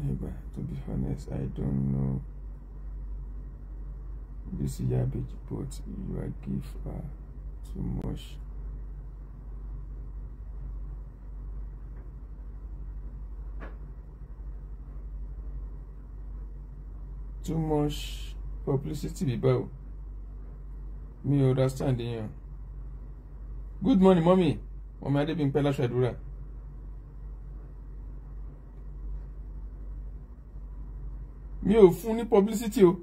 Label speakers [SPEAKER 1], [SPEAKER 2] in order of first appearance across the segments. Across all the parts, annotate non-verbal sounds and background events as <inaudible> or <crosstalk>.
[SPEAKER 1] Hey, but to be honest, I don't know this Yabage, but you are give her too much. Too much publicity bíbá o. Mi ò understand yẹn. Good morning, mommy. Ọmọ Adébímpẹ́ Láṣọ̀dúrà. mi ò fún ní publicity o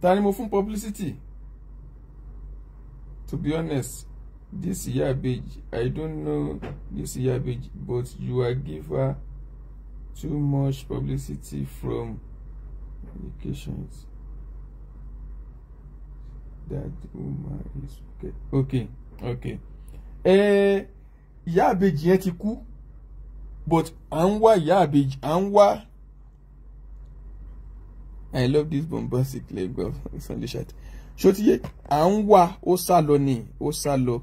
[SPEAKER 1] ta ni mo fún publicity to be honest this Iyabeji i don't know this Iyabeji but you are give her too much publicity from medications that woman is okay okay okay eh Iyabeji yẹn ti kú but à ń wá Iyabeji à ń wá I love this bombastic leg of Sunday shirt. Ṣótiyé, à ń wá ó sá lọ ni ó sá lọ.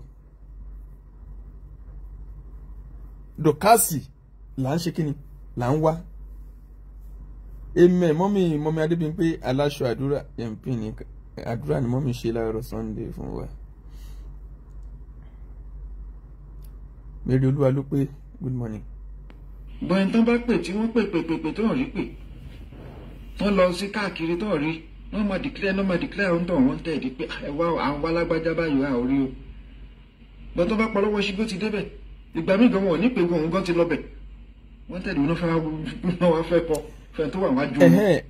[SPEAKER 1] Dọ̀kásì là ń ṣe kíni là ń wá. Amen mọ́mí mọ́mí Adébímpé aláṣọ Adura, MP ni àdúrà ni mọ́mí ṣe láàárọ̀ Sunday fún wa. Mary Olúwa good morning.
[SPEAKER 2] Bọ́yìn tán bá pè tí wọ́n pè pè pè pè tó hàn rí pè wọ́n lọ sí káàkiri tó rí wọ́n máa dìklẹ́ wọ́n máa dìklẹ́ àwọn tó wọ́n tẹ̀ di pé ẹ̀wá àwọn alágbájá báyìí àwọn orí o bọ́n tó bá pọ̀ lọ́wọ́ ṣígbó ti débẹ̀ ìgbà míì gan wọn ò ní pé wọn gan ti lọ bẹ̀ wọ́n tẹ̀lé wọn fẹ́ wọn fẹ́ kọ fẹ́ tó wà wá jó.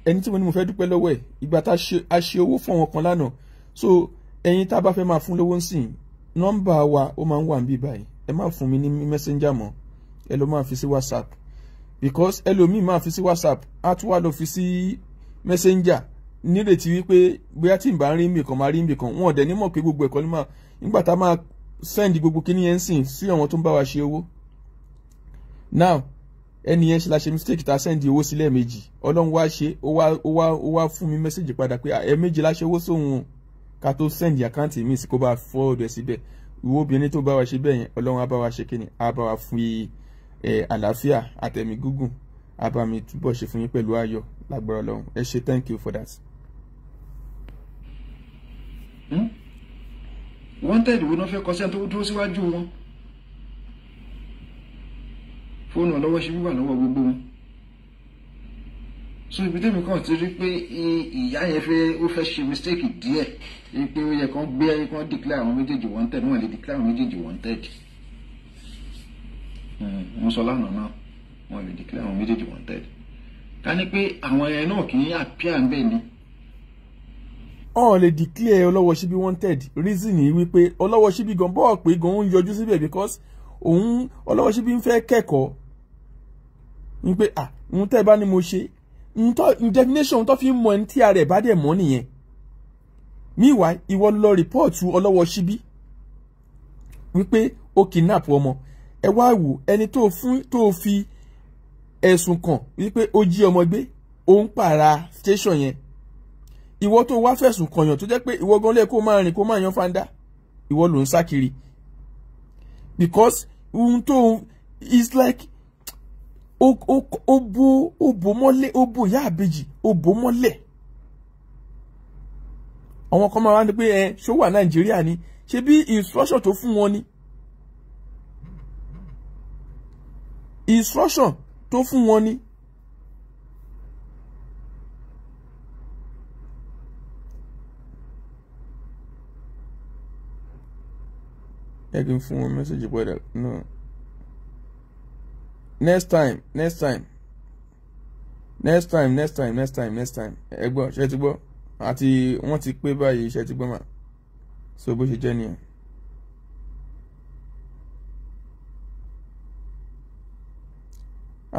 [SPEAKER 1] ẹni tí mo ní mo fẹ́ dúpẹ́ lọ́wọ́ ẹ̀ ìgbà tá a ṣe owó fún àwọn kan lánàá so ẹ̀yin tá a bá fẹ́ máa fún lówó ń sìn nọ́mbà wa ó máa ń wà ń bí báyìí messenger mọ́ ẹ lọ whatsapp because ẹlòmíì máa fi sí whatsapp á tún wá lọ fi sí messenger nírètí wípé bóyá tí n bá ń rí mi kan máa rí mi kan wọn ò dẹ̀ ní mọ̀ pé gbogbo ẹ̀kọ́ ni máa nígbà tá a máa send gbogbo kíní yẹn sìn sí àwọn tó ń bá wa ṣe owó now ẹni yẹn ṣe la ṣe mistake ta send owó sílẹ̀ méjì ọlọ́run wá ṣe ó wá ó wá ó wá fún mi message padà pé ẹ̀ẹ̀mejì la ṣe owó sóhun o ká tó send àkáǹtì mi sí kó bá fọ́ọ̀dù ẹ̀ síbẹ̀ ìwọ obìnrin tó bá wa ṣe bẹ́ẹ̀ yẹn ọlọ́run á bá wa ṣe kíni á bá wa fún yìí àlàáfíà àtẹ̀mí gígùn abami túbọ̀ ṣe fún yín pẹ̀lú ayọ̀ lágbára Ọlọ́run ẹ ṣe thank you for that.
[SPEAKER 2] Hmm? wọ́n tẹ̀lé wo ni wọ́n fẹ́ kọ tó dúró síwájú wọn fóònù ọlọ́wọ́ ṣe wíwà lọ́wọ́ gbogbo wọn so ibi tẹ́mi kàn ti rí pé ìyá yẹn fẹ́ ó fẹ́ ṣe mistake díẹ̀ pé ó yẹ kán gbé kán declare àwọn méjèèjì wanted wọ́n lè declare àwọn méjèèjì wanted. Mm-hmm. wọ́n sọ lánàá náà wọ́n lè declare àwọn méjèèjì wanted ká ní pé àwọn ẹyẹ náà kì í àpíà ń bẹ̀ ni.
[SPEAKER 1] ọ̀ lè declare ọlọ́wọ́ síbí wanted reason yìí wípé ọlọ́wọ́ síbí gan bọ́ọ̀ pé gan ń yọjú síbẹ̀ because òun ọlọ́wọ́ síbí ń fẹ́ kẹ́kọ̀ọ́ ní pé à ń tẹ́ bá ní mo ṣe definition tó fi ń mọ ẹni tí ara ẹ̀ bá dẹ̀ mọ́ nìyẹn meanwhile ìwọ lọ rìpọ́ọ̀tù ọlọ́wọ́ síbí wípé ó kidnap ọmọ ẹ wá wò ẹni tó fún tó fi ẹ̀sùn kàn wípé ó jí ọmọ gbé ó ń pààrà station yẹn ìwọ tó wá fẹ̀sùn kànyàn tó jẹ́ pé ìwọ gan lẹ́ẹ̀ kó máa rìn kó máa yan fanda ìwọ ló ń sá kiri because ohun tó is like ó bo ó bo mọ́lẹ̀ ó bo ìyá àbejì ó bo mọ́lẹ̀ àwọn kan máa wá ní pé ẹ ṣó wà Nàìjíríà ni ṣebí instruction tó fún wọn ni instruction tó fún wọn ni. ẹ kí n fún wọn mẹ́sàgì padà náà next time next time next time next time next time next time ẹ gbọ́ ṣe ti gbọ́ àti wọ́n ti pé báyìí ṣe ti gbọ́ mà so bó ṣe jẹ́ nìyẹn.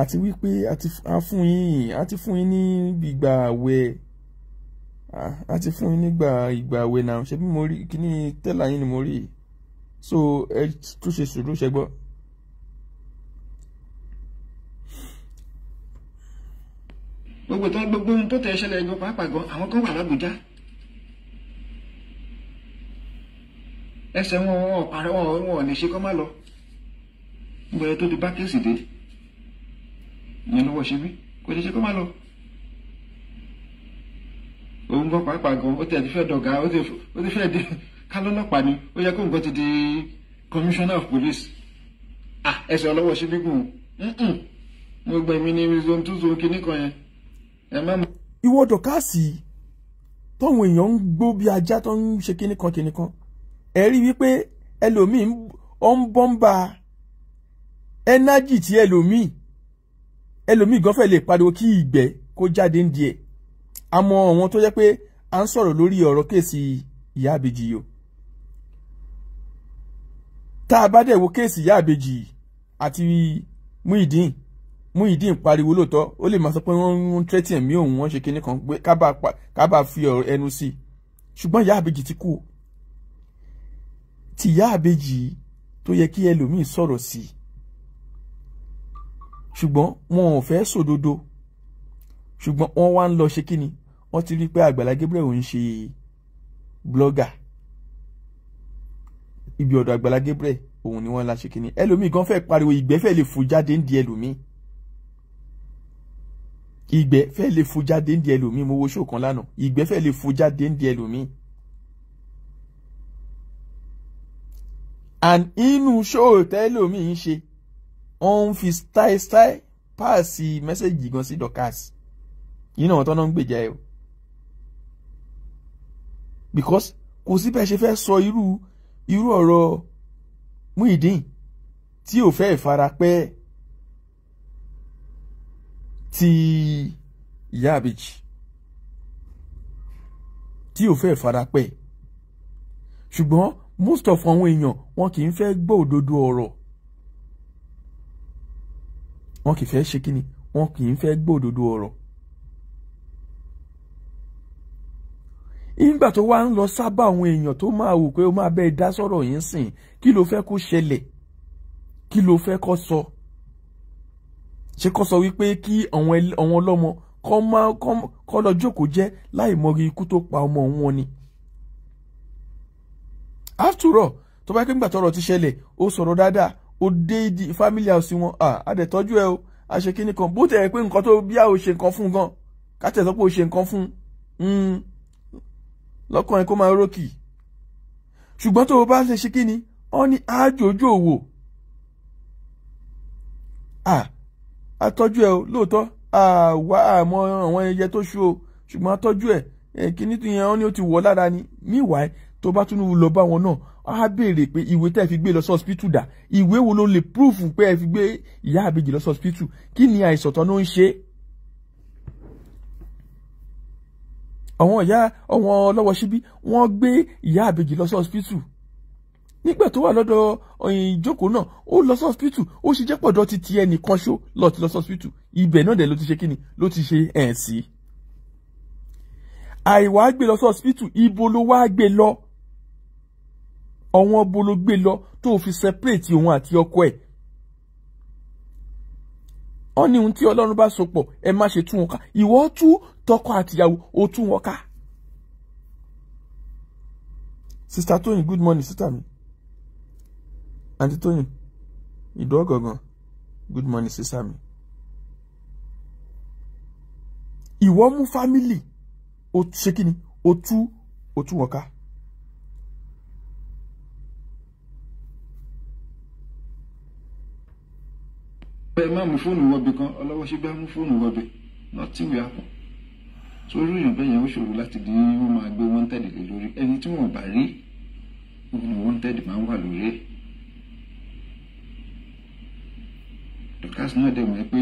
[SPEAKER 1] àti wípé a fún yín a ti fún yín ní ìgbà àwẹ̀ a ti fún yín nígbà ìgbà àwẹ̀ náà ṣe bí mo rí kíní tẹ́là yín ni mo rí so ẹ tún ṣe sùúrù ṣe gbọ́.
[SPEAKER 2] gbogbo tó gbogbo ohun tó tẹ̀ ṣẹlẹ̀ gan pàápàá gan àwọn kan wà lábújá ẹsẹ̀ wọn wọn ọ̀pá wọn ò ní ṣe kọ́ má lọ gbogbo ẹ tó ti bá kéèsì dé ìyẹn lọ́wọ́ ṣe wí kò lè ṣe kó má lọ. òun gan pàápàá gan ó tẹ̀ ti fẹ́ dọ̀gá ó ti fẹ́ di <laughs> kálọ́lọ́pàá ni ó yẹ kó nǹkan ti di commissioner of police ah ẹsẹ̀ ọlọ́wọ́ ṣe gígùn mo gbẹ̀ mí ní zone two zone kìíní kan yẹn
[SPEAKER 1] ẹ má mọ. ìwọ dọ̀kásì tọ́wọn èèyàn ń gbó bí ajá tó ń ṣe kinní kan kinní kan ẹ rí wípé ẹlòmíì ọ ń bọ́ńbà ẹnájì tí ẹlòmíì ẹlòmíì gan fẹ́ lè pariwo kí ìgbẹ́ kó jáde ń di ẹ̀ àmọ́ àwọn tó jẹ́ pé à ń sọ̀rọ̀ lórí ọ̀rọ̀ kéèsì ìyá àbèjì yìí o tá a bá dẹ̀ wo kéèsì ìyá àbèjì àti Muyideen Muyideen pariwo lóòótọ́ ó lè máa sọ pé wọ́n ń tẹ́tí ẹ̀mí òun wọ́n ṣe kinní kan pé ká bá fi ẹnu sí i ṣùgbọ́n ìyá àbèjì ti kú o tìyá àbèjì tó yẹ kí ẹlòmíì sọ̀rọ̀ sí i ṣùgbọ́n wọn ò fẹ́ sòdodo ṣùgbọ́n wọ́n wá ń lọ ṣe kíni wọ́n ti rí i pé Àgbàlá Gabriel ń ṣe blogger ibi ọ̀dọ̀ Àgbàlá Gabriel òun ni wọ́n la ṣe kíni ẹlòmíì gan fẹ́ pariwo ìgbẹ́ fẹ́ lè fò jáde ń di ẹlòmíì ìgbẹ́ fẹ́ lè fò jáde ń di ẹlòmíì mo wo ṣó kan lánàá ìgbẹ́ fẹ́ lè fò jáde ń di ẹlòmíì. and inú ṣó tẹ́lòmíì ń ṣe wọ́n ń fi stáístáí páàsì mẹ́sẹ̀gì gan sí Dorkas yìí náà tọ́nà ń gbèjà ẹ o because kò sí bẹ́ẹ̀ ṣe fẹ́ sọ irú irú ọ̀rọ̀ Muyideen tí ò fẹ́ ìfarapẹ́ ti ìyá àbèjì tí ò fẹ́ ìfarapẹ́ ṣùgbọ́n most of àwọn èèyàn wọn kì í fẹ́ gbọ́ òdodo ọ̀rọ̀ wọn kì í fẹ́ ṣe kí ni wọn kì í fẹ́ gbòdodo ọ̀rọ̀. ìgbà tó wá ń lọ sábà àwọn èèyàn tó máa wò pé ó máa bẹ́ẹ̀ dá sọ̀rọ̀ yín sìn kí ló fẹ́ kó ṣẹlẹ̀ kí ló fẹ́ kó sọ ṣé kó sọ wípé kí àwọn ọlọ́mọ kó lọ jókòó jẹ́ láì mọrí ikú tó pa ọmọ wọn ni. after all tó bá pé ńgbà tọ́rọ̀ ti ṣẹlẹ̀ ó sọ̀rọ̀ dáadáa ó dé ìdí family house wọn à ah, á dẹ̀ tọ́jú ẹ o a ṣe kíní kan bó tẹ̀ pé nǹkan tó bí a ò ṣe nǹkan fún gan ká tẹ̀ sọ pé o ṣe nǹkan fún hmm, lọ́kàn ẹ kó máa rókì ṣùgbọ́n tó o bá ṣe ṣe kíni wọ́n ní àjòjò wò à àtọ́jú ẹ o lóòótọ́ àwa àmọ́ àwọn ẹyẹ tó ṣú o ṣùgbọ́n àtọ́jú ẹ kíní yẹn wọ́n ní o ti wọ̀ lára ni míwáì tó bá tún lọ bá wọn náà á béèrè pé ìwé tẹ́ ẹ fi gbé lọ sọ́spítù dà ìwé wo ló lè púrúfù pé ẹ fi gbé ìyá àbèjì lọ sọ́spítù kí ni àìsàn tán ló ń ṣe. àwọn ìyá àwọn ọlọ́wọ́ síbí wọ́n gbé ìyá àbèjì lọ sọ́spítù nígbà tó wà lọ́dọ̀ eh, ìjókòó náà ó lọ sọ́spítù ó ṣe jẹ́ pọ̀dọ̀ ti ti ẹnìkan ṣó lọ ti lọ sọ́spítù ibẹ̀ náà dẹ̀ ló ti ṣe kíni ló ti ṣe ẹ̀ sí. àìwá gbé lọ sọ́spítù ibo ló wá gbé lọ ọ̀wọ́n bo ló gbé lọ tó fi separate òun àti ọkọ ẹ̀ ó ní ohun tí ọlọ́run bá so pọ̀ ẹ má ṣe tú wọn ká ìwọ tú tọkọ àtìyàwó ó tú wọn ká. sista Tóyìn good morning sista mi àǹtí Tóyìn ìdúró gangan good morning sista mi. ìwọ mú fámìlì ó ṣe kí ni ó tú ó tú wọn ká.
[SPEAKER 2] mi fóònù wọbi kan ọlọ́wọ́ ṣe gbá mú fóònù wọbi nothing will happen sórí èèyàn bẹ́ẹ̀ yẹn ó ṣòro láti di ó máa gbé wanted lé lórí ẹni tí wọ́n bá rí òun wanted máa ń wà lórí ẹ̀ dọ́kàsì náà dẹ̀ mọ̀ pé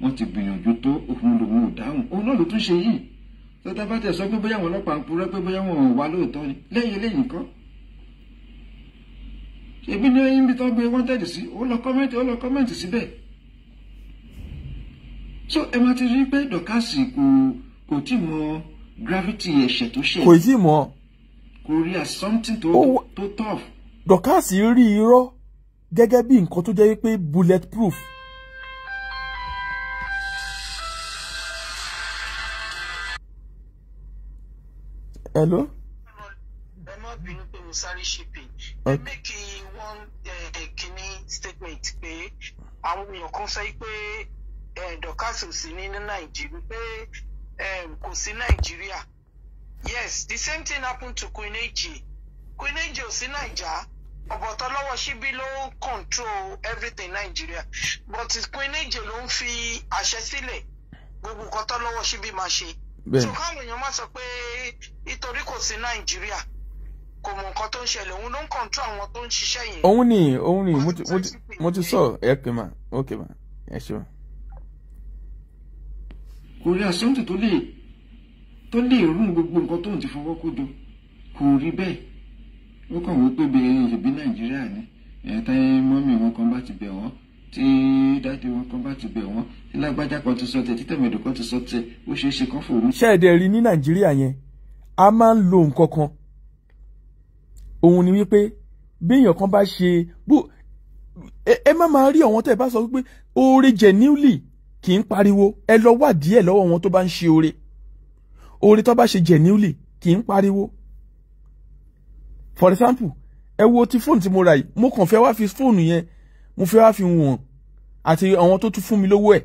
[SPEAKER 2] wọ́n ti gbìyànjú tó òun lòun ò dáhùn òun náà ló tún ṣe yìí tọ́tà bá tẹ̀ sọ pé bóyá àwọn ọlọ́pàá ń purọ́ pé bóyá wọn ò wá lóòótọ́ ni lẹ́yìn eléyìí kan ṣèbí ní ibi tó gbé wanted sí ó lọ kọ́mẹ́ǹtì ó lọ kọ́mẹ́ǹtì síbẹ̀ so ẹ máa ti rí pé dọkasi kò kò tí mọ gravity ẹ̀ṣẹ̀ tó ṣẹ̀. kò tí
[SPEAKER 1] mọ. kò rí as something tó tó tough. dọkasi rí irọ́ gẹ́gẹ́ bí nǹkan tó jẹ́ wípé bullet proof. hello. ẹ má bínú pé mo sáré ṣe pé ẹ mẹ́kì wọ́n kìíní statement pé àwọn èèyàn kan sọ pé. Eh, Dorcas sí ní Nàìjíríà pé eh, kò sí Nàìjíríà yes the same thing happened to Queen Eji Queen Eji ò sí Naija ọ̀bọ̀tọ̀ lọ́wọ́ síbí ló ń control everything Nigeria but Queen Eji ló ń fi àṣẹ sílẹ̀ gbogbo nǹkan tó síbí máa ṣe so káwọn èèyàn máa sọ pé nítorí kò sí Nàìjíríà kò mọ nǹkan tó ń ṣẹlẹ̀ òun ló ń control àwọn tó ń ṣiṣẹ́ yẹn. òun ni òun ni mo ti sọ ẹ pè mà ok mà ẹ ṣe
[SPEAKER 2] kò rí assumption tó lè tó lè rún gbogbo nǹkan tóun ti fọwọ́ kó do kò rí bẹ́ẹ̀ ó kàn wọ́n bẹ́ẹ̀ ìbí nàìjíríà ni ẹ̀ẹ́dá mọ́mì wọn kan bá ti bẹ̀ wọ́n tí dáàdi wọn kan bá ti bẹ̀ wọ́n tí lágbájá kan ti sọ tẹ̀ tí tẹ̀mẹ̀dù kan ti sọ tẹ̀ ó ṣeé ṣe kán
[SPEAKER 1] fòrú. ṣé ẹ̀dẹ̀ rí ní nàìjíríà yẹn a máa ń lo nǹkan kan òun ni wípé bí èèyàn kan bá ṣe bó ẹ má máa rí àwọn tẹ̀ bá sọ wípé oore genuinely kì í pariwo ẹ lọ wádìí ẹ lọ́wọ́ wọn tó bá ń ṣe oore oore tó bá ṣe genuinely kì í pariwo for example ẹ wo ti fóònù tí mo rà yìí mo kàn fẹ́ wá fi fóònù yẹn mo fẹ́ wá fi wọ̀n àti àwọn tó tún fún mi lówó ẹ̀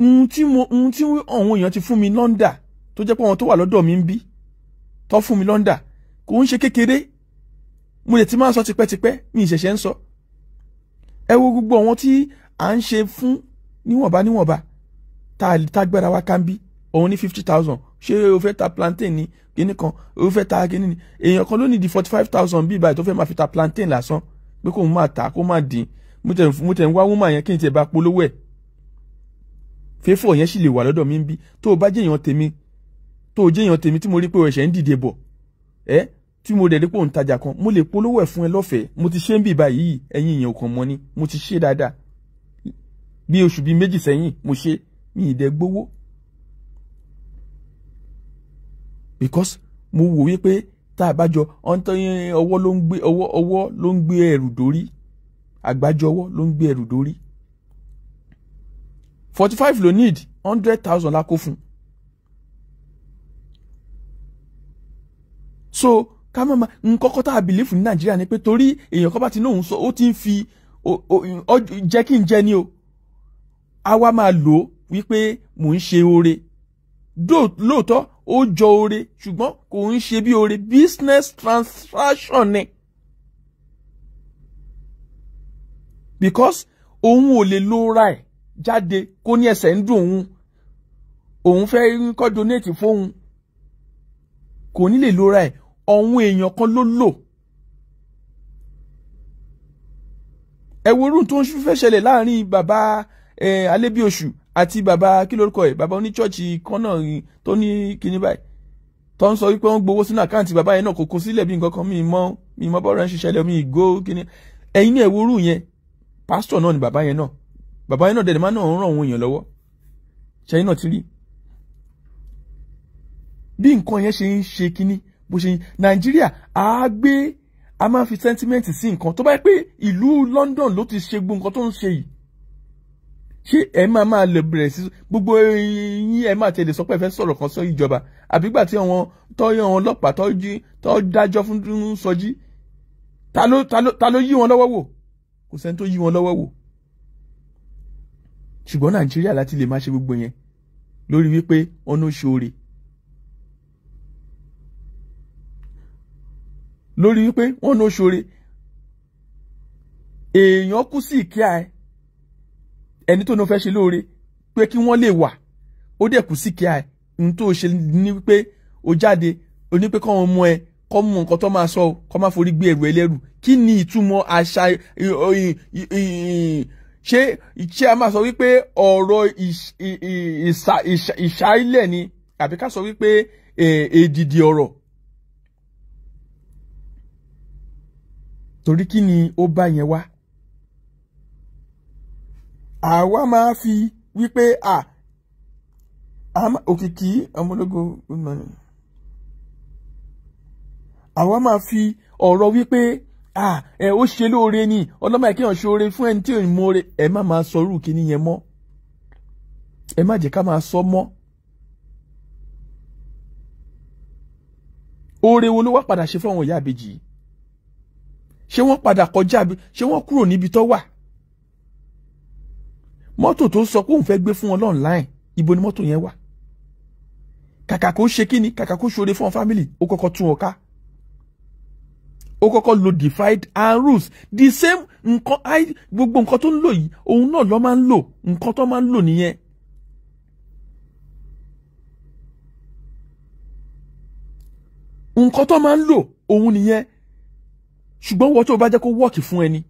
[SPEAKER 1] ohun tí mo ohun tí àwọn èèyàn ti fún mi lọ́ndà tó jẹ́ pé àwọn tó wà lọ́dọ̀ mi ń bí tó fún mi lọ́ndà kò ń ṣe kékeré mo lè ti máa sọ tipẹ́tipẹ́ mi ìṣẹ̀ṣẹ̀ ń sọ ẹ wo gbogbo àwọn tí à ń ṣe fún níwọ̀nba níwọ̀nba tá a tágbára wa ká ń bí òun ní fifty thousand ṣé o fẹ́ ta plantain ní kíní kan o fẹ́ ta kíní ni èèyàn kan ló ní di forty five thousand bíi báyìí tó fẹ́ máa fi ta plantain lásán pé kò máa ta kó máa dín mo tẹ̀ ń wá woman yẹn kí n tẹ̀ bá polówó ẹ̀ fẹ́fọ̀ yẹn sì lè wà lọ́dọ̀ mi ń bí tó o bá jẹ́yàn tèmi tó o jẹ́yàn tèmi tí mo rí pé o ẹ̀ṣẹ̀ ń dìde bọ̀ ẹ́ tí mo dẹ̀ rí pé òun kan mo lè polówó ẹ̀ fún ẹ lọ́fẹ̀ẹ́ mo ti ṣe ń bì báyìí ẹ̀yin èèyàn kàn mọ́ ni mo ti ṣe dáadáa bí oṣù bíi méjì sẹ́yìn mo ṣe mi ì gbowó because mo wò wípé tá a bá jọ ọwọ́ ló ń gbé ọwọ́ ọwọ́ ló ń gbé ẹrù dórí àgbájọ ọwọ́ ló ń gbé ẹrù dórí forty five ló need hundred thousand la kó fún un so ká má ma nkọ́kọ́ tá a bìlífù ní nàìjíríà ni pé torí èèyàn kan bá ti ní òun sọ ó ti ń fi jẹ́ kí n jẹ́ ni o a wá máa lò ó wípé mò ń ṣe oore lóòótọ́ ó jọ oore ṣùgbọ́n kò ń ṣe bí oore business transaction ni. because òun ò lè lo ra ẹ̀ jáde kó ní ẹsẹ̀ ń dùn òun òun fẹ́ kọ́ donate fóun kò ní lè lo ra ẹ̀ ọ̀hún èèyàn kan ló lò. ẹ tó ń fẹ́ ṣẹlẹ̀ láàrin bàbá Alébíoṣù àti bàbá kí lórúkọ ẹ̀ bàbá oníṣọ́ọ̀ṣì kan náà tó ní kinní báyìí tó ń sọ wípé wọ́n gbowó sínú àkáǹtì bàbá yẹn náà kò kó sílẹ̀ bí nǹkan kan mi mọ́ mi mọ́ bọ́ọ̀rọ̀ ń ṣiṣẹ́ lẹ́ mi ìgò kinní ẹ̀yin ní ẹ̀wúrú yẹn pásítọ̀ náà ni bàbá yẹn náà bàbá yẹn náà dẹ̀dẹ̀ máa náà ń ràn òun èèyàn lọ́wọ́ ṣẹ́yìn náà ti rí bí nǹkan yẹn ṣe ń ṣe kinní bó ṣe Nàìjíríà á gbé a máa fi sentiment sí nǹkan tó bá yẹ pé ìlú London ló ti ṣe gbogbo nǹkan tó ń ṣe yìí ṣé ẹ máa máa lè bẹ̀rẹ̀ sí gbogbo yín ẹ máa tẹ̀lé sọ pé ẹ fẹ́ sọ̀rọ̀ kan sọ ìjọba àbígbà tí àwọn tọ́yọ̀ àwọn ọlọ́pàá tó jí tó dájọ́ fún Sọjí ta ló ta ló ta ló yí wọn lọ́wọ́ wò kò sẹ́ni tó yí wọn lọ́wọ́ wò ṣùgbọ́n Nàìjíríà láti lè máa ṣe gbogbo yẹn lórí wípé ọ̀nà ṣoore lórí wípé ọ̀nà ṣoore èèyàn kú sí ìkíà ẹ̀ ẹni tó ní o fẹ́ ṣe lóore pé kí wọ́n lè wà ó dẹ̀ kù sí kíá ẹ̀ ohun tó ṣe ni pé o jáde o ní pé kọ́ wọn mọ ẹ kọ́ mọ nǹkan tó máa sọ kọ́ máa forí gbé ẹrù ẹlẹ́rù kí ni ìtumọ̀ àṣà ṣé ṣé a máa sọ wípé ọ̀rọ̀ ìṣáílẹ̀ ni àbí ká sọ wípé èdìdì ọ̀rọ̀ torí kí ni ó bá yẹn wá àwa máa fi wípé à òkìkí ọmọlógo good morning àwa máa fi ọ̀rọ̀ wípé à ẹ ó ṣe lóore ni ọlọ́mọ ẹ̀kẹ́ hàn ṣoore fún ẹni tí ò ní mọ̀ọ́re ẹ má máa sọ irú kíní yẹn mọ́ ẹ má jẹ́ ká máa sọ mọ́ oore wo ló wá padà ṣe fún àwọn ìyá àbèjì ṣé wọ́n padà kọjá ṣé wọ́n kúrò níbi tó wà mọ́tò tó sọ pé òun fẹ́ gbé fún ọlọ́run láìn ibo ni mọ́tò yẹn wà kàkà kó ṣe kíni kàkà kó ṣoore fún family ó kọ́kọ́ tún ọ̀ka ó kọ́kọ́ lo defied and rules the same nǹkan gbogbo nǹkan tó ń lò yìí òun náà ló máa ń lò nǹkan tó máa ń lò nìyẹn. nǹkan tó máa ń lò òun nìyẹn ṣùgbọ́n wọ́n tó bá jẹ́ kó wọ́ọ̀kì fún ẹni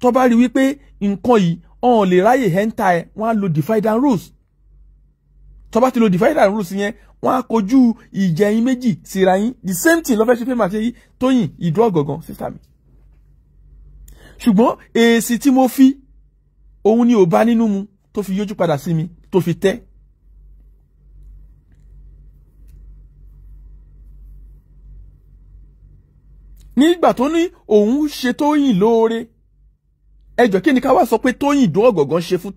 [SPEAKER 1] tó bá rí wípé nǹkan yìí ọ̀n lè ráyè hẹ́ńtà ẹ̀ wọ́n á lo divide and rules tó ti lo divide and rules yẹn wọ́n á kojú ìjà méjì síra yín the same thing lọ́fẹ́ ṣe fẹ́ màá ṣe yí tóyìn ìdúró ọ̀gọ̀ngàn sísá mi ṣùgbọ́n èsì tí mo fi òun ni ò bá nínú mu tó fi yójú padà sí mi tó fi tẹ́ nígbà tó ní òun ṣe Tóyìn lóore ẹjọ́ kí ni ká wá sọ pé Tóyìn Ìdó Ọ̀gàngán ṣe fún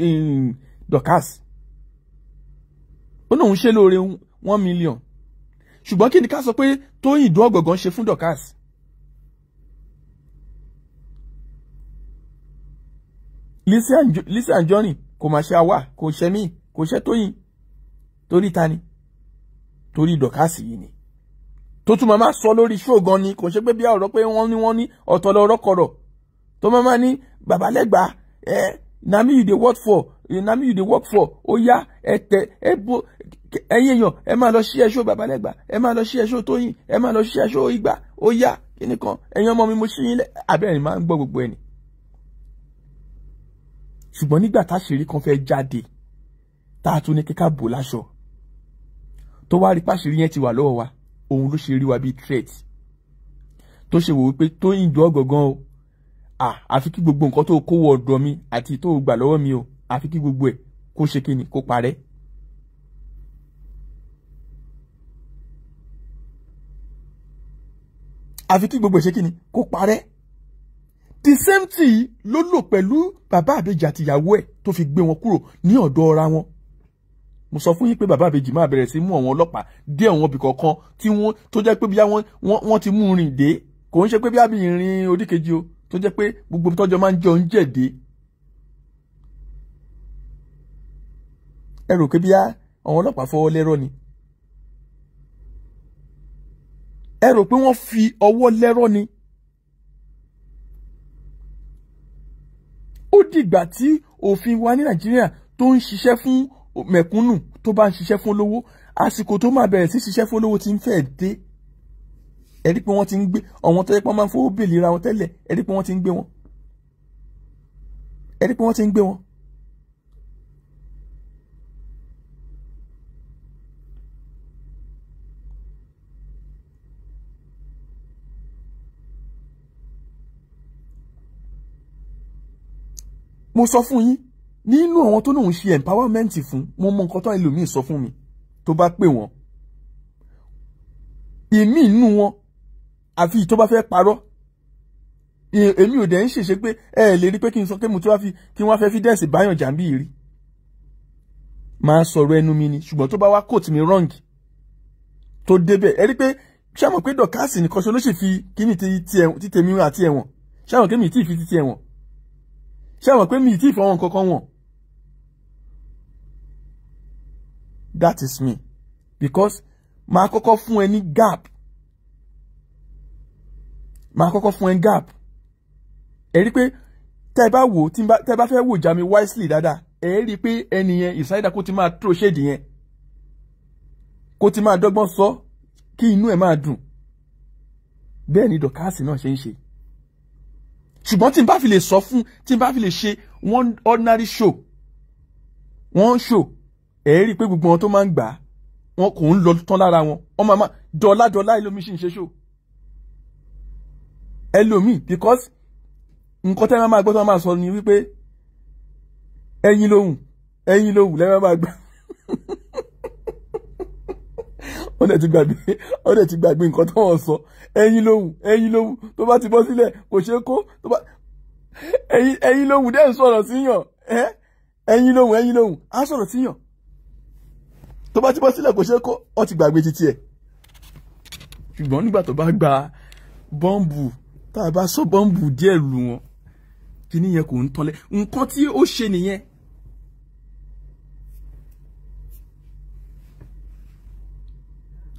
[SPEAKER 1] um, Dorkas ó lóun ṣe lóore one million ṣùgbọ́n kí ni ká sọ pé Tóyìn Ìdó Ọ̀gàngán ṣe fún Dorkas. Lisa Anjorin kò máa ṣe àwa kò ṣe mí kò ṣe Tóyìn torí ta ni torí Dorkas yìí ni tó tún máa sọ lórí ṣóògan ni kò ṣe pé bí ọ̀rọ̀ pé wọ́n ní wọ́n ní ọ̀tọ̀ lọ́rọ̀ tó máa máa ní bàbá lẹ́gbàá na me you dey work for na me you dey work for ó yá ẹ tẹ ẹ bo ẹyin èèyàn ẹ máa lọ ṣí ẹṣọ bàbá lẹ́gbàá ẹ máa lọ ṣí ẹṣọ tóyìn ẹ máa lọ ṣí ẹṣọ ìgbà ó yá kíní kan ẹyin ọmọ mi mo ṣí yín lẹ abẹ́rẹ́ máa ń gbọ́ gbogbo ẹni. ṣùgbọ́n nígbà táṣìírí kan fẹ́ jáde tá a tún ní kíkà bò láṣọ tó wá rí páṣírí yẹn ti wà lọ́wọ́ wa òun ló ṣe rí wa bíi threat tó ṣe wò wípé Tóyìn jọ gangan o àfi kí gbogbo nǹkan tó kówó ọ̀dọ̀ mi àti tó gbà lọ́wọ́ mi o àfi kí gbogbo ẹ̀ kó ṣe kíni kó parẹ́. àfi kí gbogbo ẹ̀ ṣe kíni kó parẹ́. the same thing ló lò pẹ̀lú bàbá àbèjì àti ìyàwó ẹ̀ tó fi gbé wọn kúrò ní ọ̀dọ̀ ọ̀ra wọn mo sọ fún yín pé bàbá àbèjì máa bẹ̀rẹ̀ sí mú àwọn ọlọ́pàá dé àwọn ibì kọ̀ọ̀kan tí tó jẹ́ pé bí wọ́n ti mú rìn dé kò ń ṣe pé bí àbí ìrìn oríkejì o tó jẹ́ pé gbogbo tọ́jọ́ máa ń jẹun jẹ̀dé ẹ rò pé bíyá àwọn ọlọ́pàá fọwọ́ lẹ́rọ̀ ni ẹ rò pé wọ́n fi ọwọ́ lẹ́rọ̀ ni ó dìgbà tí òfin wa ní Nàìjíríà tó ń ṣiṣẹ́ fún mẹ̀kúnnù tó bá ń ṣiṣẹ́ fún olówó àsìkò tó máa bẹ̀rẹ̀ sí ṣiṣẹ́ fún olówó ti ń fẹ́ dé ẹ rí pé wọ́n ti ń gbé àwọn tó yẹ pé wọ́n máa ń fowó bèèlì ra wọn tẹ́lẹ̀ ẹ rí pé wọ́n ti ń gbé wọn ẹ rí pé wọ́n ti ń gbé wọn. mo sọ fún yín nínú àwọn tó lóun ṣe empowerment fún mo mọ nǹkan tó ẹlòmíín sọ fún mi tó bá pè wọ́n èmi inú wọn àfi tó bá fẹ́ parọ́ èmi ò dẹ̀ ń ṣèṣe pé ẹ lè rí pé kí n sọ pé mo tí wá fi kí wọ́n fẹ́ fi dẹ́sì báyàn jàǹbí rí máa sọ̀rọ̀ ẹnu mi ni ṣùgbọ́n tó bá wá kóòtù mi wrong tó débẹ̀ ẹ rí pé ṣàmọ̀ pé dọ̀kásì nìkan ṣe ló ṣe fi kíní ti tèmi àti ẹ̀wọ̀n ṣàmọ̀ pé mi ì fi ti ẹ̀wọ̀n ṣàmọ̀ pé mi ì tí ì kankan wọ̀n that is me because máa kọ́kọ́ fún ẹ ní gap máa kọ́kọ́ fún ẹ gap ẹ rí i pé tẹ́ ẹ bá wò tẹ́ ẹ bá fẹ́ wò Jami wisely dáadáa ẹ rí i pé ẹni yẹn ìsáyédà kó ti máa tó ṣéèdì yẹn kó ti máa dọ́gbọ́n sọ kí inú ẹ̀ máa dùn bẹ́ẹ̀ ni dọ̀kásì náà ṣe ń ṣe ṣùgbọ́n tí n bá fi lè sọ fún tí n bá fi lè ṣe one ordinary show one show ẹ rí i pé gbogbo wọn tó máa ń gbà á wọn kò ń lọ tán lára wọn ọmọ àmà dọ́lá dọ́lá ẹlòmíṣìn ṣe show ẹlòmíì because nǹkan tẹ́ máa gbọ́ tí wọ́n máa sọ ni wípé ẹyin lóhùn ẹyin lóhùn lẹ́yìn máa gbà <laughs> wọ́n dẹ̀ ti gbàgbé wọ́n dẹ̀ ti gbàgbé nǹkan tó wọ́n sọ ẹyin lóhùn ẹyin lóhùn tó bá ti bọ́ sílẹ̀ kò ṣeé kó tó bá ẹyin ẹyin lóhùn dẹ́ ń sọ̀rọ̀ síyàn ẹyin lóhùn ẹyin lóhùn á sọ̀rọ̀ síyàn tó bá ti bọ́ sílẹ̀ kò ṣeé kó wọ́n ti gbàgbé títí ẹ̀ ṣùgbọ́n nígbà tó bá gba bọ́ǹbù tá a bá sọ bọ́ǹbù díẹ̀ lù wọ́n kíní yẹn kò ń tọ́lẹ̀ nǹkan tí ó ṣe nìyẹn.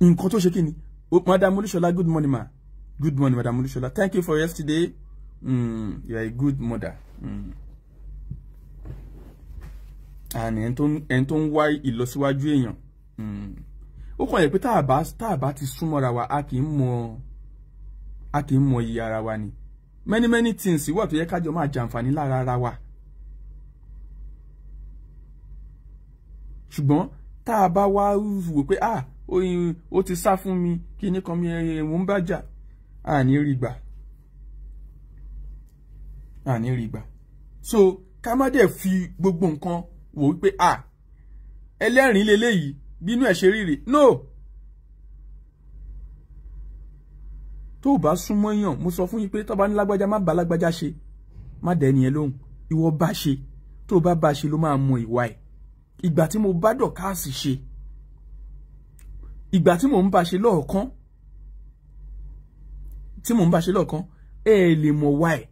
[SPEAKER 1] nǹkan tó ṣe kí madam olúṣọlá good morning ma good morning madam olúṣọlá thank you for yesterday mm, you are a good mother. Mm. and ẹni tó ń wá ìlọsíwájú èèyàn mm. ó kàn yẹ pé tá a bá ti súnmọ́ra wa a kì í mọ a kì í mọ iye ara wa ni many many things wà tó yẹ kájọ máa jàǹfààní lára ara wa ṣùgbọ́n tá a bá wá wò pé ah oyin ó ti sá fún mi kí ní kan mi ẹ̀wọ̀n ń bá jà a ní rí gbà a ní rí gbà so ká má dẹ̀ fi gbogbo nǹkan wò wípé ah ẹlẹ́rìí lélẹ́yìí bínú ẹ̀ ṣe rí no tó o bá súnmọ́ èèyàn mo sọ fún yín pé tó bá ní lágbájá má bá lágbájá ṣe má dẹ́ni ẹ lóhùn ìwọ bá ṣe tó o bá bá ṣe ló máa mọ ìwà ẹ̀ ìgbà tí mo bá dọ̀káàsì ṣe ìgbà tí mò ń bá ṣe lọ́ọ̀kan tí mò ń bá ṣe lọ́ọ̀kan ẹ lè mọ̀ wá ẹ̀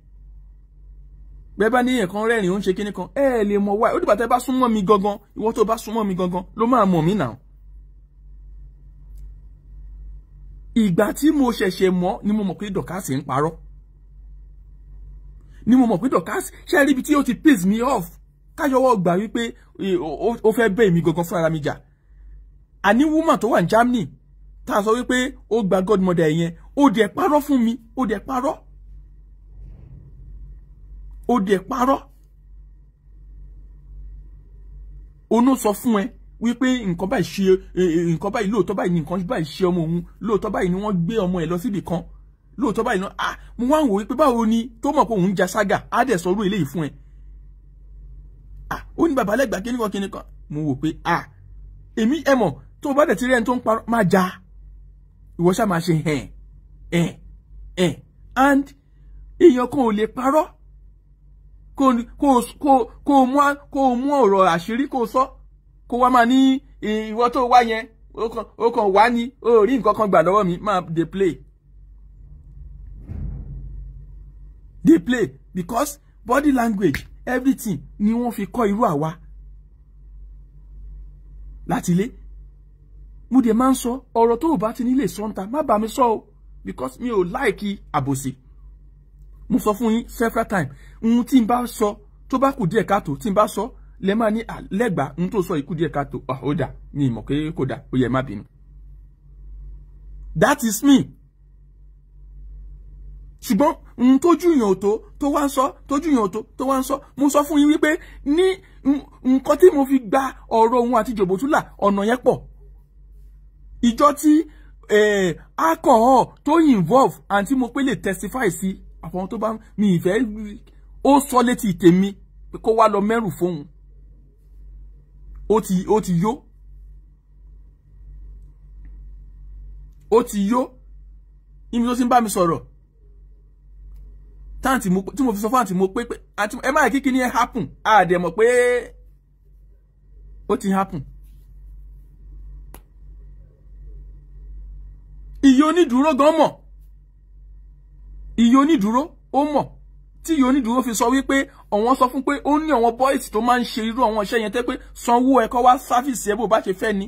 [SPEAKER 1] bẹ́ẹ̀ bá ní ẹ̀kan rẹ́rìn ó ń ṣe kíní kan ẹ lè mọ̀ wá ẹ̀ ó dìgbà tẹ́ bá súnmọ́ mi gangan ìwọ tó bá súnmọ́ mi gangan ló máa mọ̀ mí náà ìgbà tí mo ṣẹ̀ṣẹ̀ mọ̀ ni mo mọ̀ pé dọ̀kásì ń parọ́ ni mo mọ̀ pé dọ̀kásì ṣe rí ibi tí ó ti piss me off káyọ̀wọ́ gbà wípé ó fẹ́ bẹ́ èmi gangan fúnra mi jà àní woman tó wà ní Germany tá a sọ wípé ó gba godmother yẹn ó dẹ̀ parọ́ fún mi ó dẹ̀ parọ́ ó dẹ̀ parọ́ òun ló sọ fún ẹ wípé nǹkan báyìí ṣe eh, eh, nǹkan báyìí lóòótọ́ báyìí nǹkan báyìí ṣe ọmọ òun lóòótọ́ báyìí ni wọ́n gbé ọmọ ẹ̀ lọ síbì kan lóòótọ́ báyìí náà ah mo wá ń wò wípé báwo ni tó mọ̀ pé òun ja ságà á dẹ̀ sọ orú eléyìí fún ẹ ah ó ní bàbá lẹ́gbàá kíní kan kíní kan mo wò pé ah èmi ẹ mọ̀ tó o bá dẹ̀ ti rí ẹni tó ń parọ́ máa ja ìwọ ṣáà máa ṣe hẹ̀n hẹ̀n hẹ̀n and èèyàn kan ò lè parọ́ kó kó kó kó mú ọ̀rọ̀ àṣírí kó sọ kó wá máa ní ìwọ tó wá yẹn ó kàn wá ní ó rí nǹkan kan gbà lọ́wọ́ mi máa dey play dey play because body language everything ni wọ́n fi kọ́ irú àwa láti ilé mo dẹ̀ máa ń sọ ọ̀rọ̀ tó o bá ti nílé sọ́ńtà má bàa mi sọ o because mi ò láìkí àbòsí mo sọ fún yín several times ohun tí n bá sọ tó bá kù díẹ̀ káàtó tí n bá sọ lẹ́ máa ní lẹ́gbàá n tó sọ ikú díẹ̀ káàtó ọ̀ ó dà ní ìmọ̀ pé kò dà ó yẹ má bínú. that is me. ṣùgbọ́n n tójú yàn ò tó tó wá ń sọ tójú yàn ò tó tó wá ń sọ mo sọ fún yín wípé ní nǹkan tí mo fi gba ọ̀rọ̀ òun àti jòbótúlà ọ̀nà yẹn pọ̀ ìjọ tí alcohol tó involve and tí mo pé lè testify sí àwọn tó bá mi ìfẹ́ ó sọ létí tèmi kó wá lọ mẹ́rù fóun o ti o ti yo o ti yo ba mi soro tanti mo ti mo fi sọ fun ti mo pe pe ati e ma kiki ni happen a de mo pe o ti happen iyo ni duro gan mo iyo ni duro o mo tí onídùúró fi sọ wípé àwọn sọ fún pé ó ní àwọn bọ́ìsì tó máa ń ṣe irú àwọn iṣẹ́ yẹn tẹ́ pé sanwó ẹ̀kọ́ wá sáfìsì ẹ̀ bó bá ṣe fẹ́ ni.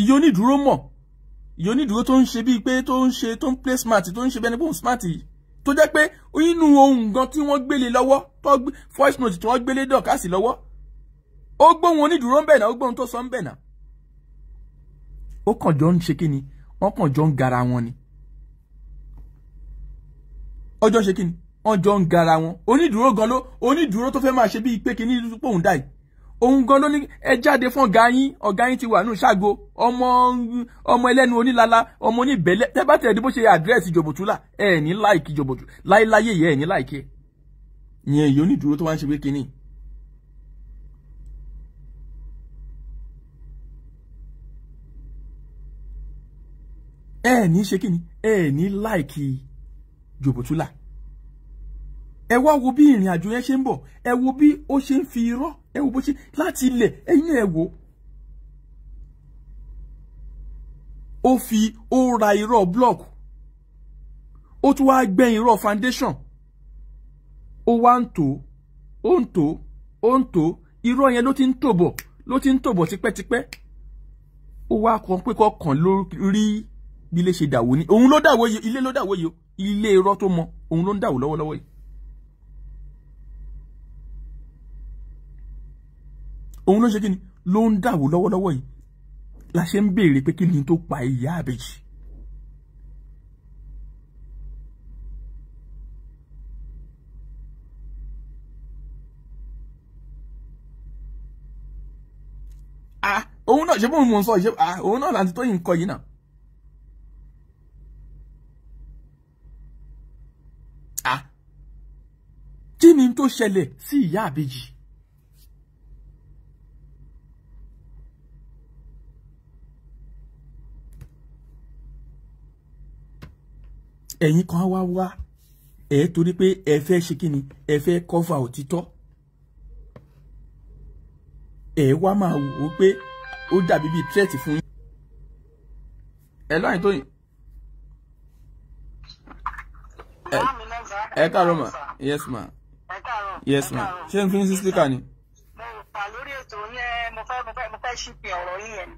[SPEAKER 1] ìyá onídùúró mọ̀ ìyá onídùúró tó ń ṣe bíi pé tó ń ṣe tó ń play smart tó ń ṣe bẹ́ẹ̀ ni bóun smart yìí tó jẹ́ pé inú ohun gan tí wọ́n gbélé lọ́wọ́ tó voice note tí wọ́n gbélé dọ̀kásì lọ́wọ́ ó gbóhun onídùúró ń bẹ̀ náà ó gbóhun tó sọ ń bẹ̀ náà ó kàn jọ ń ṣe kí ni wọ́n kàn jọ ń gara wọn ni ọjọ́ ṣe kí ni wọ́n jọ ń gara wọn onídùúró gan ló onídùúró tó fẹ́ máa ṣe bíi pé kí ní pòun dà yìí òun gan ló ní ẹ jáde fún ọ̀gá yín ọ̀gá yín ti wà nù ṣágo ọmọ ọmọ ẹlẹ́nu onílala ọmọ oníbẹ̀lẹ̀ tẹ́ bá tẹ̀ ẹ́ bó ṣe àdírẹ́sì jòbòtúlà ẹ ní láìkì jòbòtú láíláyé yẹ ẹ ní láìkì ẹ ìyẹn èyí onídùúró tó wá ń ṣe pé kínní ẹ ní ṣe kí ni ẹ ní láìkì jòbótúlà ẹ wá wo bí ìrìn àjò yẹn ṣe ń bọ̀ ẹ wo bí ó ṣe ń fi irọ́ ẹ wo bó ṣe láti ilẹ̀ ẹ̀yin ẹ wo ó fi ó ra irọ́ block ó tún wá gbẹ̀yìn irọ́ foundation ó wá ń tò ó ń tò ó ń tò irọ́ yẹn ló ti ń tò bọ̀ ló ti ń tò bọ̀ tipẹ́tipẹ́ ó wá kàn pé kọ́ kàn lórí bí ilé ṣe dàwó ni òun ló dàwó yìí ilé ló dàwó yìí ilé irọ́ tó mọ òun ló ń dàwó lọ́wọ́lọ́wọ́ yìí òun ló ń ṣe kí ni ló ń dàwó lọ́wọ́lọ́wọ́ yìí la ṣe ń béèrè pé kí ni tó pa ìyá àbèjì. Ah, òun náà ṣe bóun mò sọ ṣe ah, òun náà láti tó yìí yìí náà. tó ṣẹlẹ̀ sí ìyá àbèjì. ẹ̀yin kan wá wá ẹ̀ torí pé ẹ fẹ́ ṣe kí ni ẹ fẹ́ kọ́fà òtítọ́ ẹ wá máa wò ó pé ó dàbí bíi tírẹ̀tì fún yín. ẹ lọ́yìn tó yìn. ẹ káàárọ̀ mà yes ma yes ma ah. ṣé n fi ń sí síkà ni. mo kà lórí ètò yẹn mo fẹ́ mo fẹ́ mo fẹ́ ṣípè ọ̀rọ̀ yìí yẹn.